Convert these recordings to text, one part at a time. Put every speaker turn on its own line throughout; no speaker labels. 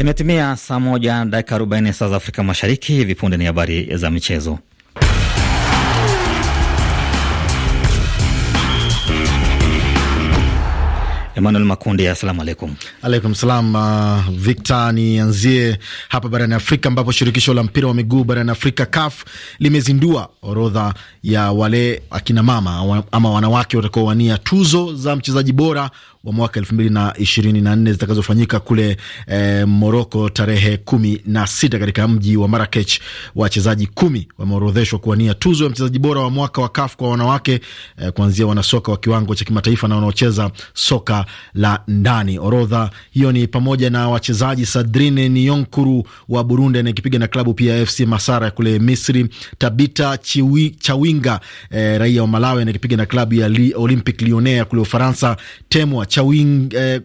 Imetimia saa moja dakika arobaini saa za Afrika Mashariki. Hivi punde ni habari za michezo. Emmanuel Makundi, asalamu alaikum.
Alaikum salam. Uh, Victor, nianzie hapa barani Afrika ambapo shirikisho la mpira wa miguu barani Afrika CAF limezindua orodha ya wale akinamama mama ama wanawake watakaowania tuzo za mchezaji bora wa mwaka elfu mbili na ishirini na nne zitakazofanyika kule e, eh, Moroko tarehe kumi na sita katika mji wa Marakech. Wachezaji kumi wameorodheshwa kuwania tuzo ya mchezaji bora wa mwaka wa kafu kwa wanawake e, kuanzia wanasoka wa kiwango cha kimataifa na wanaocheza soka la ndani. Orodha hiyo ni pamoja na wachezaji Sadrine Niyonkuru wa Burundi anayekipiga na klabu pia FC Masara ya kule Misri, Tabita Chiwi, Chawinga e, raia wa Malawi anayekipiga na klabu ya Olympic Lyonnais ya kule Ufaransa, Temwa cha wing, eh,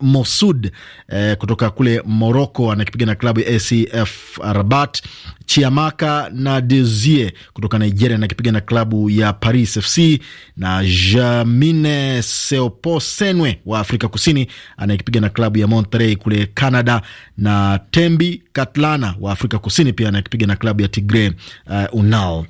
Mosud eh, kutoka kule Moroko anakipiga na klabu ya ACF Rabat. Chiamaka na Dezie kutoka Nigeria anakipiga na klabu ya Paris FC, na Jamine Seoposenwe wa Afrika Kusini anakipiga na klabu ya Monterrey kule Canada, na Tembi Katlana wa Afrika Kusini pia anakipiga na klabu ya Tigre uh, eh, Unao.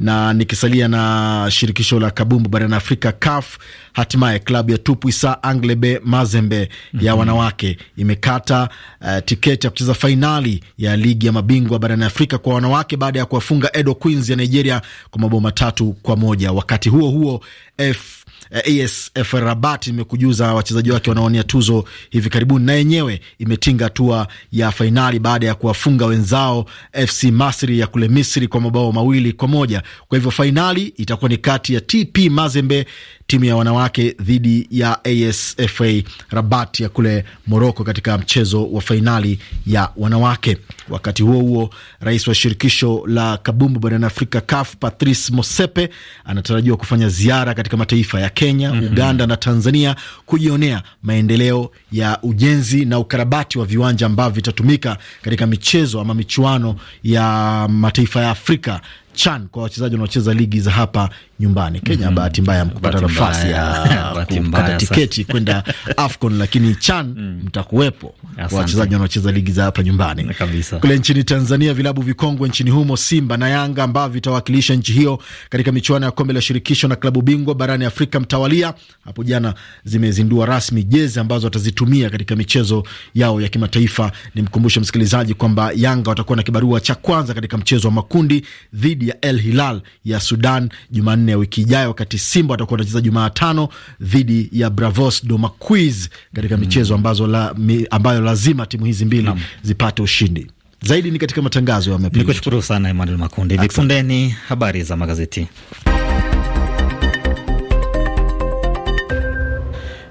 Na nikisalia na shirikisho la kabumbu barani Afrika, CAF, hatimaye klabu ya Tupuisa Anglebe Mazembe mm -hmm. ya mhm. wanawake imekata uh, tiketi ya kucheza fainali ya ligi ya mabingwa barani Afrika kwa wanawake baada ya kuwafunga Edo Queens ya Nigeria kwa mabao matatu kwa moja. Wakati huo huo F eh, ASF Rabat imekujuza wachezaji wake wanaonia tuzo hivi karibuni, na yenyewe imetinga hatua ya fainali baada ya kuwafunga wenzao FC Masri ya kule Misri kwa mabao mawili kwa moja. Kwa hivyo fainali itakuwa ni kati ya TP Mazembe timu ya wanawake dhidi ya ASFA Rabat ya kule Moroko katika mchezo wa fainali ya wanawake. Wakati huo huo, rais wa shirikisho la kabumbu barani Afrika CAF Patrice Mosepe anatarajiwa kufanya ziara katika mataifa ya Kenya, mm -hmm. Uganda na Tanzania kujionea maendeleo ya ujenzi na ukarabati wa viwanja ambavyo vitatumika katika michezo ama michuano ya mataifa ya Afrika CHAN kwa wachezaji wanaocheza ligi za hapa nyumbani Kenya. mm -hmm. Bahati mbaya mkupata nafasi ya kupata tiketi kwenda AFCON, lakini CHAN mm. mtakuwepo wachezaji wanaocheza ligi za hapa nyumbani Kule nchini Tanzania, vilabu vikongwe nchini humo Simba na Yanga ambavyo vitawakilisha nchi hiyo katika michuano ya kombe la shirikisho na klabu bingwa barani Afrika mtawalia, hapo jana zimezindua rasmi jezi ambazo watazitumia katika michezo yao ya kimataifa. Nimkumbushe msikilizaji kwamba Yanga watakuwa na kibarua cha kwanza katika mchezo wa makundi dhidi ya El Hilal ya Sudan Jumanne ya wiki ijayo, wakati Simba watakuwa wanacheza Jumatano dhidi ya Bravos Domaquiz katika mm. michezo ambazo la, mi, ambayo la lazima timu hizi mbili Nam. zipate ushindi zaidi. Ni katika matangazo ya Nikushukuru sana Emmanuel Makundi. Hivi punde ni habari za magazeti.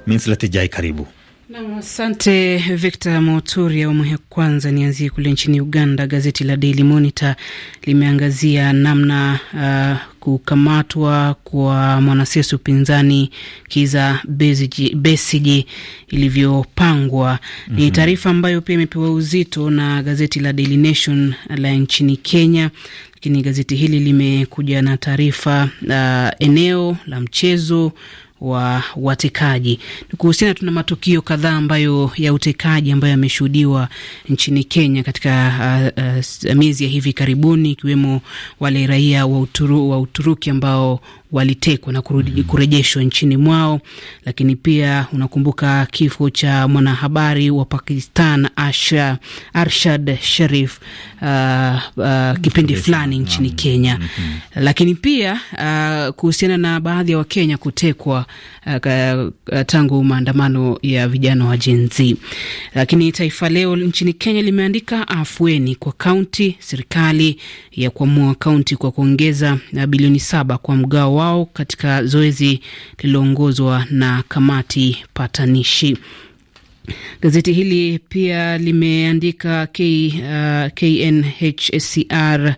Minslet karibu
asante Victor Moturi. Awamu ya kwanza nianzie kule nchini Uganda. Gazeti la Daily Monitor limeangazia namna uh, kukamatwa kwa mwanasiasa upinzani Kiza besiji ilivyopangwa mm -hmm. Ni mhm. taarifa ambayo pia imepewa uzito na gazeti la Daily Nation la nchini Kenya, lakini gazeti hili limekuja na taarifa uh, eneo la mchezo wa watekaji. Ni kuhusiana, tuna matukio kadhaa ambayo ya utekaji ambayo yameshuhudiwa nchini Kenya katika uh, uh, miezi ya hivi karibuni, ikiwemo wale raia wa, uturu, wa Uturuki ambao walitekwa na mm-hmm. kurejeshwa nchini mwao. Lakini pia unakumbuka kifo cha mwanahabari wa Pakistan Asha, Arshad Sharif uh, uh, kipindi fulani nchini Kenya. mm -hmm. Lakini pia uh, kuhusiana na baadhi ya wa Wakenya kutekwa uh, uh, tangu maandamano ya vijana wa Gen Z. Lakini Taifa Leo nchini Kenya limeandika afueni kwa kaunti, serikali ya kuamua kaunti kwa kuongeza uh, bilioni saba kwa mgao wao katika zoezi lililoongozwa na kamati patanishi. Gazeti hili pia limeandika K, uh, KNHSCR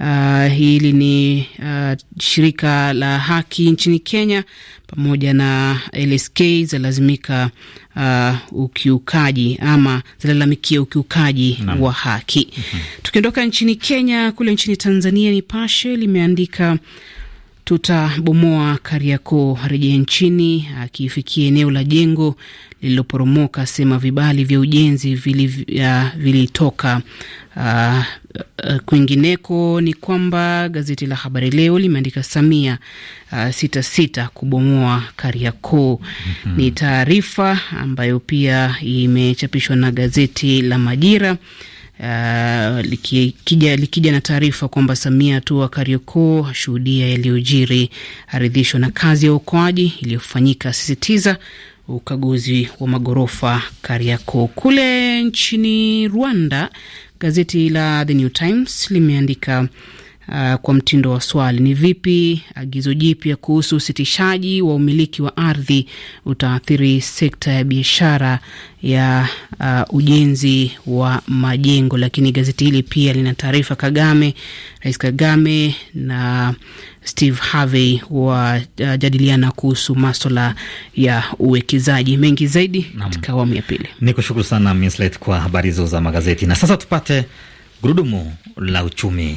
Uh, hili ni uh, shirika la haki nchini Kenya pamoja na LSK zalazimika uh, ukiukaji ama zalalamikia ukiukaji na wa haki. Mm -hmm. Tukiondoka nchini Kenya, kule nchini Tanzania, Nipashe limeandika tutabomoa Kariakoo, rejea nchini. Akifikia eneo la jengo lililoporomoka, asema vibali vya ujenzi vilitoka vili Uh, ah, ah, kwingineko ni kwamba gazeti la Habari Leo limeandika Samia uh, sita sita kubomoa Kariakoo. mm -hmm. Ni taarifa ambayo pia imechapishwa na gazeti la Majira Uh, eh, likija, likija na taarifa kwamba Samia tua Kariakoo ashuhudia yaliyojiri, aridhishwa na kazi ya uokoaji iliyofanyika, asisitiza ukaguzi wa maghorofa Kariakoo. Kule nchini Rwanda, gazeti la The New Times limeandika uh, kwa mtindo wa swali: ni vipi agizo jipya kuhusu usitishaji wa umiliki wa ardhi utaathiri sekta ya biashara ya uh, ujenzi wa majengo? Lakini gazeti hili pia lina taarifa Kagame, Rais Kagame na Steve Harvey wajadiliana uh, kuhusu maswala ya uwekezaji mengi zaidi katika awamu ya pili.
Ni kushukuru sana Mislet kwa habari hizo za magazeti, na sasa tupate gurudumu la uchumi.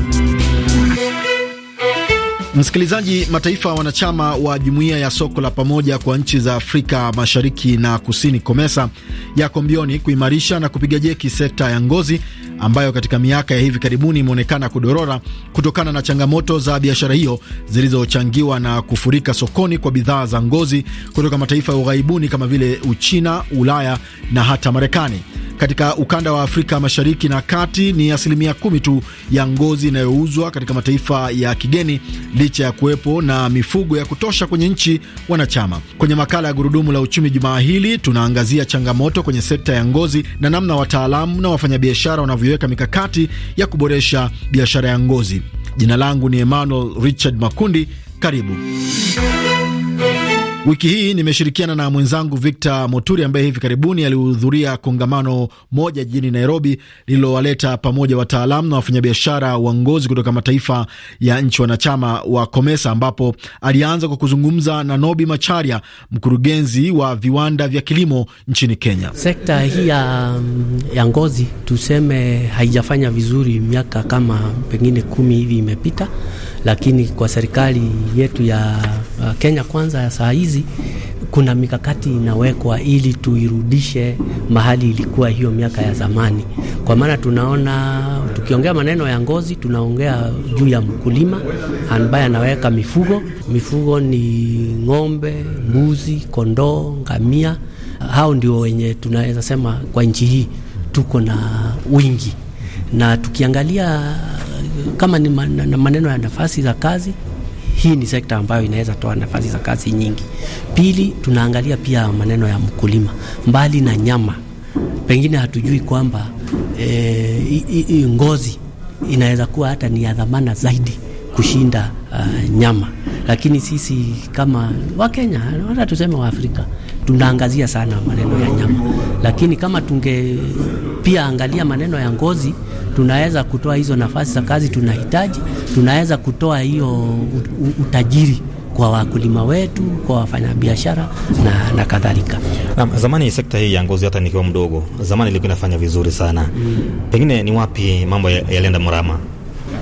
Msikilizaji, mataifa wanachama wa jumuiya ya soko la pamoja kwa nchi za Afrika Mashariki na Kusini, COMESA, yako mbioni kuimarisha na kupiga jeki sekta ya ngozi ambayo katika miaka ya hivi karibuni imeonekana kudorora kutokana na changamoto za biashara hiyo zilizochangiwa na kufurika sokoni kwa bidhaa za ngozi kutoka mataifa ya ughaibuni kama vile Uchina, Ulaya na hata Marekani katika ukanda wa Afrika Mashariki na Kati ni asilimia kumi tu ya ngozi inayouzwa katika mataifa ya kigeni licha ya kuwepo na mifugo ya kutosha kwenye nchi wanachama. Kwenye makala ya Gurudumu la Uchumi jumaa hili tunaangazia changamoto kwenye sekta ya ngozi na namna wataalamu na wafanyabiashara wanavyoweka mikakati ya kuboresha biashara ya ngozi. Jina langu ni Emmanuel Richard Makundi. Karibu. Wiki hii nimeshirikiana na mwenzangu Victor Moturi ambaye hivi karibuni alihudhuria kongamano moja jijini Nairobi lililowaleta pamoja wataalamu na wafanyabiashara wa ngozi kutoka mataifa ya nchi wanachama wa COMESA, ambapo alianza kwa kuzungumza na Nobi Macharia, mkurugenzi wa viwanda vya kilimo nchini Kenya.
Sekta hii ya, ya ngozi tuseme haijafanya vizuri miaka kama pengine kumi hivi imepita lakini kwa serikali yetu ya uh, Kenya kwanza ya saa hizi kuna mikakati inawekwa ili tuirudishe mahali ilikuwa hiyo miaka ya zamani, kwa maana tunaona tukiongea maneno ya ngozi, tunaongea juu ya mkulima ambaye anaweka mifugo. Mifugo ni ng'ombe, mbuzi, kondoo, ngamia. Hao ndio wenye tunaweza sema kwa nchi hii tuko na wingi, na tukiangalia kama ni maneno ya nafasi za kazi, hii ni sekta ambayo inaweza toa nafasi za kazi nyingi. Pili, tunaangalia pia maneno ya mkulima, mbali na nyama, pengine hatujui kwamba e, ngozi inaweza kuwa hata ni ya dhamana zaidi kushinda uh, nyama, lakini sisi kama Wakenya hata tuseme Waafrika tunaangazia sana maneno ya nyama, lakini kama tunge pia angalia maneno ya ngozi, tunaweza kutoa hizo nafasi za kazi tunahitaji, tunaweza kutoa hiyo utajiri kwa wakulima wetu, kwa wafanyabiashara na, na kadhalika.
Na, zamani sekta hii ya ngozi hata nikiwa mdogo zamani ilikuwa inafanya vizuri sana mm. Pengine ni wapi mambo yalienda mrama?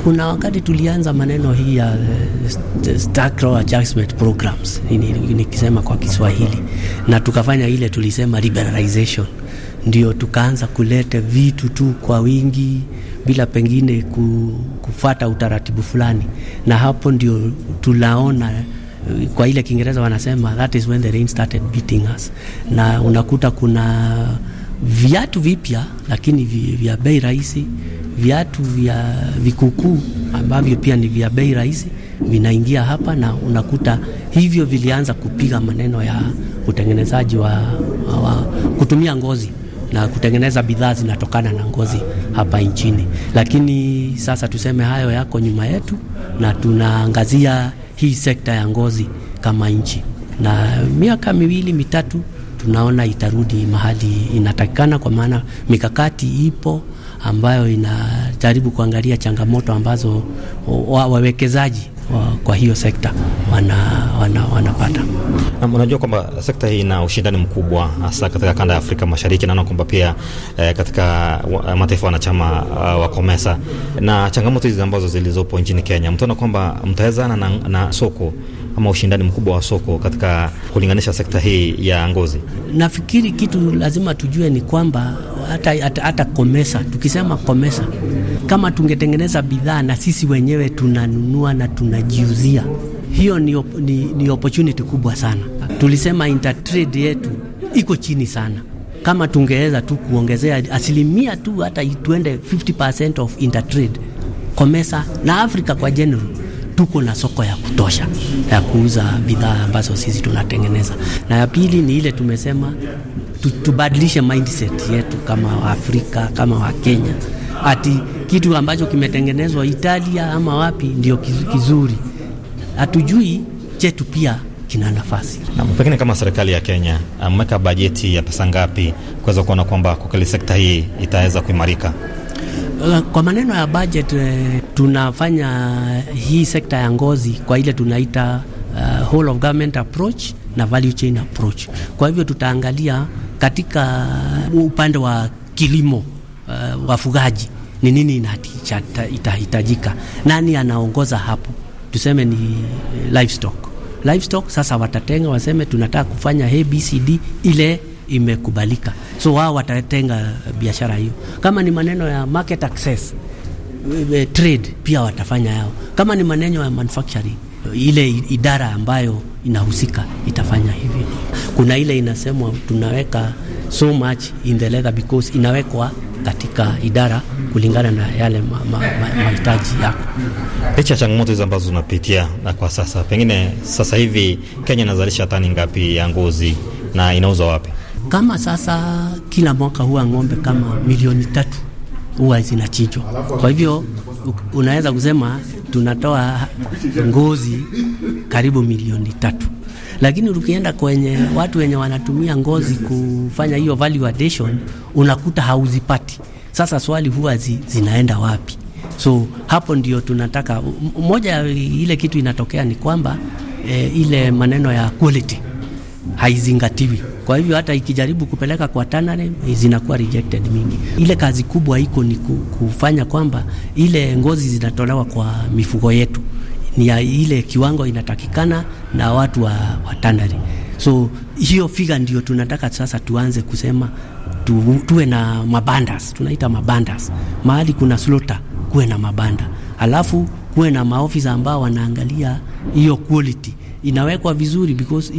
Kuna wakati tulianza maneno hii ya eh, structural adjustment programs, nikisema kwa Kiswahili, na tukafanya ile tulisema liberalization, ndio tukaanza kuleta vitu tu kwa wingi bila pengine kufata utaratibu fulani, na hapo ndio tunaona eh, kwa ile Kiingereza wanasema that is when the rain started beating us, na unakuta kuna viatu vipya lakini vya bei rahisi viatu vya vikukuu ambavyo pia ni vya bei rahisi vinaingia hapa, na unakuta hivyo vilianza kupiga maneno ya utengenezaji wa, wa kutumia ngozi na kutengeneza bidhaa zinatokana na ngozi hapa nchini. Lakini sasa tuseme hayo yako nyuma yetu, na tunaangazia hii sekta ya ngozi kama nchi, na miaka miwili mitatu tunaona itarudi mahali inatakikana, kwa maana mikakati ipo ambayo inajaribu kuangalia changamoto ambazo wawekezaji wa, kwa hiyo sekta wanapata wana, wana
na unajua kwamba sekta hii ina ushindani mkubwa hasa katika kanda ya Afrika Mashariki. Naona kwamba pia eh, katika mataifa wanachama uh, wa COMESA na changamoto hizi ambazo zilizopo nchini Kenya, mtaona kwamba mtawezana na, na soko ama ushindani mkubwa wa soko katika kulinganisha sekta hii ya ngozi?
Nafikiri kitu lazima tujue ni kwamba hata, hata, hata Komesa, tukisema Komesa, kama tungetengeneza bidhaa na sisi wenyewe tunanunua na tunajiuzia, hiyo ni, op, ni, ni opportunity kubwa sana. Tulisema intertrade yetu iko chini sana kama tungeweza tu kuongezea asilimia tu hata tuende 50% of intertrade Komesa na Afrika kwa general tuko na soko ya kutosha ya kuuza bidhaa ambazo sisi tunatengeneza. Na ya pili ni ile tumesema tubadilishe mindset yetu kama Waafrika, kama Wakenya, ati kitu ambacho kimetengenezwa Italia ama wapi ndio kizuri. Hatujui chetu pia kina nafasi.
Na pengine kama serikali ya Kenya um, mmeweka bajeti ya pesa ngapi kuweza kuona kwamba kwa sekta hii itaweza kuimarika?
Eh, kwa maneno ya budget, eh, tunafanya hii sekta ya ngozi kwa ile tunaita uh, whole of government approach na value chain approach. Kwa hivyo tutaangalia katika upande wa kilimo, uh, wafugaji ni nini itahitajika, nani anaongoza hapo? Tuseme ni livestock. Livestock sasa watatenga waseme tunataka kufanya ABCD ile imekubalika, so wao watatenga biashara hiyo. Kama ni maneno ya market access eh, eh, trade, pia watafanya yao. Kama ni maneno ya manufacturing, ile idara ambayo inahusika itafanya hivi. Kuna ile inasemwa tunaweka so much in the leather because inawekwa katika idara kulingana na yale mahitaji ma, ma, yako. Licha
ya changamoto hizo ambazo zinapitia na kwa sasa, pengine sasa hivi Kenya inazalisha tani ngapi ya ngozi na inauzwa wapi?
Kama sasa kila mwaka huwa ng'ombe kama milioni tatu huwa zinachinjwa. Kwa hivyo unaweza kusema tunatoa ngozi karibu milioni tatu, lakini ukienda kwenye watu wenye wanatumia ngozi kufanya hiyo value addition unakuta hauzipati. Sasa swali huwa zi, zinaenda wapi? So hapo ndio tunataka moja, ile kitu inatokea ni kwamba e, ile maneno ya quality haizingatiwi. Kwa hivyo hata ikijaribu kupeleka kwa tanare eh, zinakuwa rejected mingi. Ile kazi kubwa iko ni kufanya kwamba ile ngozi zinatolewa kwa mifugo yetu ni ya ile kiwango inatakikana na watu wa, wa TANAREM. So hiyo figa ndio tunataka sasa tuanze kusema tu, tuwe na mabandas, tunaita mabandas, mahali kuna slota kuwe na mabanda, alafu kuwe na maofisa ambao wanaangalia hiyo quality inawekwa vizuri because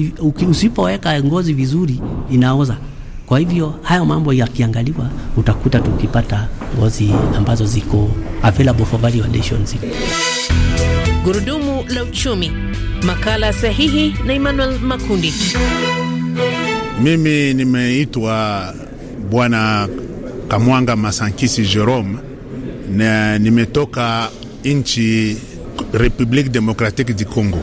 usipoweka ngozi vizuri inaoza. Kwa hivyo hayo mambo yakiangaliwa, utakuta tukipata ngozi ambazo ziko available for validations.
Gurudumu la uchumi, makala sahihi na Emmanuel Makundi.
Mimi nimeitwa Bwana Kamwanga Masankisi Jerome na nimetoka nchi
Republique Democratique du Congo.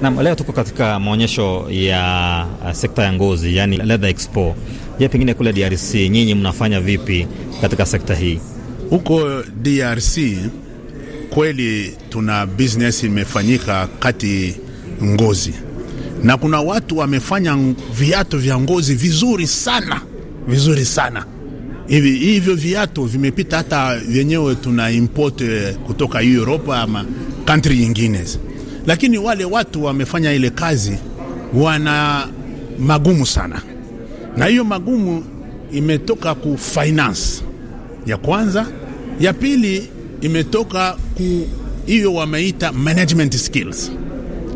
Naam, leo tuko katika maonyesho ya uh, sekta ya ngozi, yani leather expo. Je, pengine kule DRC nyinyi mnafanya vipi katika sekta hii?
Huko DRC kweli tuna business imefanyika kati ngozi, na kuna watu wamefanya viatu vya ngozi vizuri sana, vizuri sana hivi. Hivyo viatu vimepita hata vyenyewe tuna import eh, kutoka Europe ama country nyingine lakini wale watu wamefanya ile kazi wana magumu sana, na hiyo magumu imetoka ku finance ya kwanza, ya pili imetoka ku hiyo wameita management skills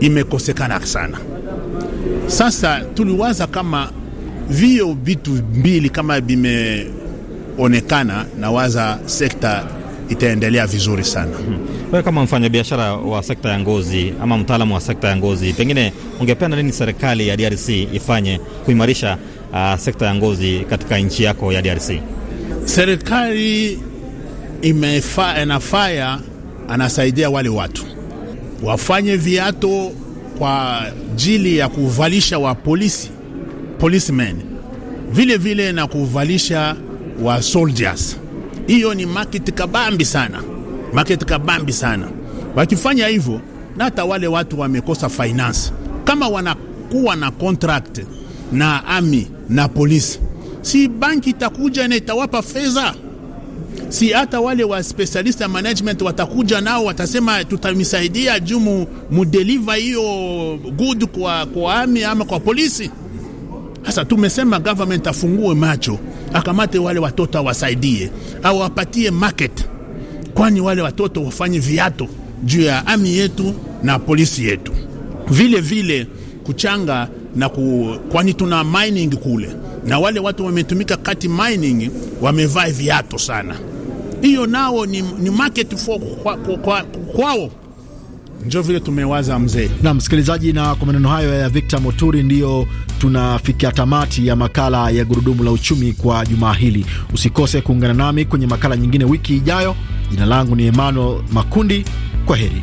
imekosekana sana. Sasa tuliwaza kama vio vitu mbili kama
vimeonekana, na waza sekta itaendelea vizuri sana. Wewe kama mfanyabiashara wa sekta ya ngozi ama mtaalamu wa sekta ya ngozi, pengine ungependa nini serikali ya DRC ifanye kuimarisha uh, sekta ya ngozi katika nchi yako ya DRC? Serikali imefa, inafaya
anasaidia wale watu wafanye viato kwa ajili ya kuvalisha wa polisi policemen, vile vile na kuvalisha wa soldiers. Hiyo ni market kabambi sana market kabambi sana. Wakifanya hivyo, na hata wale watu wamekosa finance, kama wanakuwa na contract na ami na polisi, si banki itakuja na itawapa fedha? Si hata wale wa specialist ya management watakuja nao watasema, tutamsaidia jumu mudeliver hiyo good kwa, kwa ami ama kwa polisi. Sasa tumesema government afungue macho, akamate wale watoto awasaidie, awapatie market kwani wale watoto wafanye viato juu ya ami yetu na polisi yetu, vile vile kuchanga na ku, kwani tuna mining kule na wale watu wametumika kati mining wamevaa viato sana. Hiyo nao ni, ni market for kwao kwa, kwa,
kwa. Ndio vile tumewaza mzee na msikilizaji. Na kwa maneno hayo ya Victor Moturi, ndiyo tunafikia tamati ya makala ya gurudumu la uchumi kwa jumaa hili. Usikose kuungana nami kwenye makala nyingine wiki ijayo. Jina langu ni Emmanuel Makundi, kwa heri.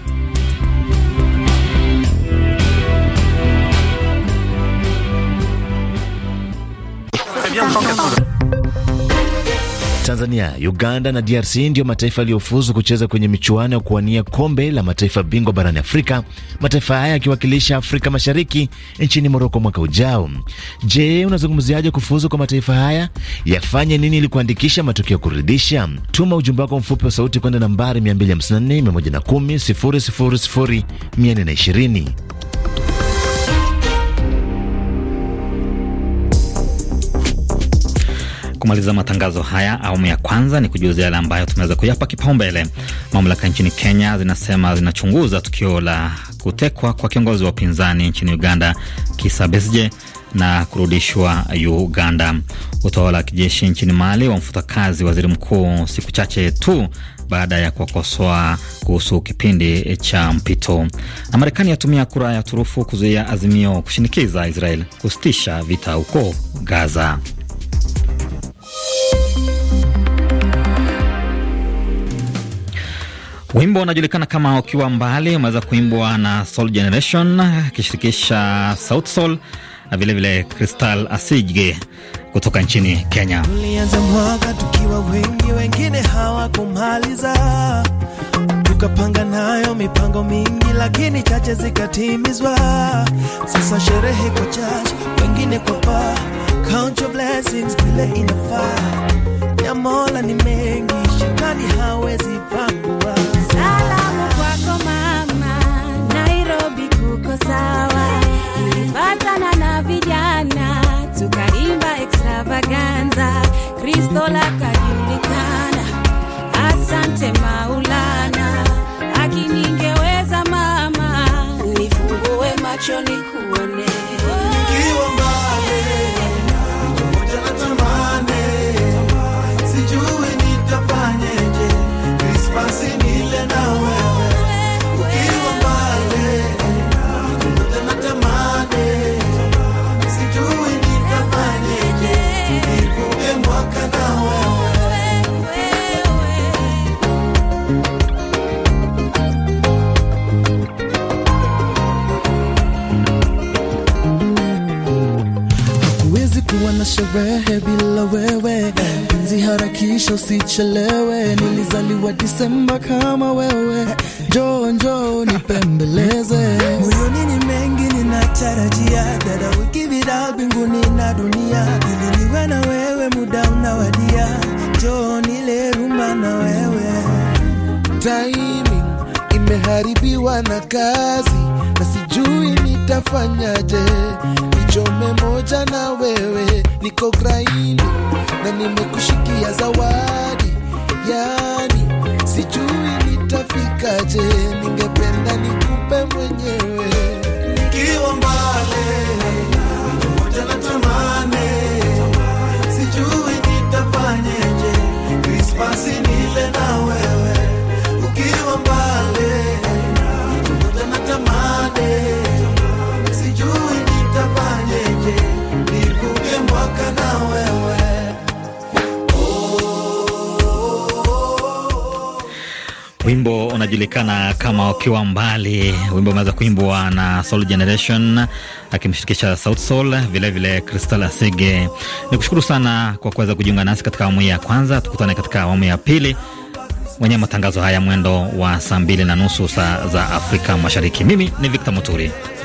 Tanzania, Uganda na DRC ndiyo mataifa yaliyofuzu kucheza kwenye michuano ya kuwania kombe la mataifa bingwa barani Afrika, mataifa haya yakiwakilisha Afrika Mashariki nchini Moroko mwaka ujao. Je, unazungumziaje kufuzu kwa mataifa haya? Yafanye nini ili kuandikisha matokeo ya kuridhisha? Tuma ujumbe wako mfupi wa sauti kwenda nambari 254 110 000 420. kumaliza
matangazo haya awamu ya kwanza, ni kujuza yale ambayo tumeweza kuyapa kipaumbele. Mamlaka nchini Kenya zinasema zinachunguza tukio la kutekwa kwa kiongozi wa upinzani nchini Uganda Kizza Besigye na kurudishwa Uganda. Utawala wa kijeshi nchini Mali wamfuta kazi waziri mkuu siku chache tu baada ya kuwakosoa kuhusu kipindi cha mpito. Na Marekani yatumia kura ya turufu kuzuia azimio kushinikiza Israel kusitisha vita huko Gaza. Wimbo unajulikana kama ukiwa mbali, umeweza kuimbwa na Soul Generation akishirikisha South Soul na vilevile Crystal Asige kutoka nchini Kenya.
Tulianza mwaka tukiwa wengi, wengine hawakumaliza, tukapanga nayo mipango mingi, lakini chache zikatimizwa. Sasa sherehe kwa chache, wengine kwa paa, count your blessings vile inafaa Nyamola nime
Kristo lakajulikana. Asante Maulana, akiningeweza mama, nifungue macho niku
kesho sichelewe, nilizaliwa Disemba kama wewe, njoo njoo nipembeleze. Moyoni ni mengi
ninatarajia, dada, wiki bila binguni na dunia, ili niwe na wewe, muda unawadia, njoo nile rumba na wewe. Timing
imeharibiwa na kazi na sijui nitafanyaje Chome moja na wewe, niko graini na nimekushikia zawadi, yani sijui nitafikaje, ningependa nikupe mwenyewe nikiwa mbali moja na tamani, sijui nitafanyeje
Krismasi
wanajulikana kama Wakiwa Mbali. Wimbo umeweza kuimbwa na Soul Generation akimshirikisha South Soul, vilevile Crystal Asige. Ni kushukuru sana kwa kuweza kujiunga nasi katika awamu ya kwanza. Tukutane katika awamu ya pili mwenye matangazo haya mwendo wa saa mbili na nusu saa za Afrika Mashariki. Mimi ni Victor Muturi.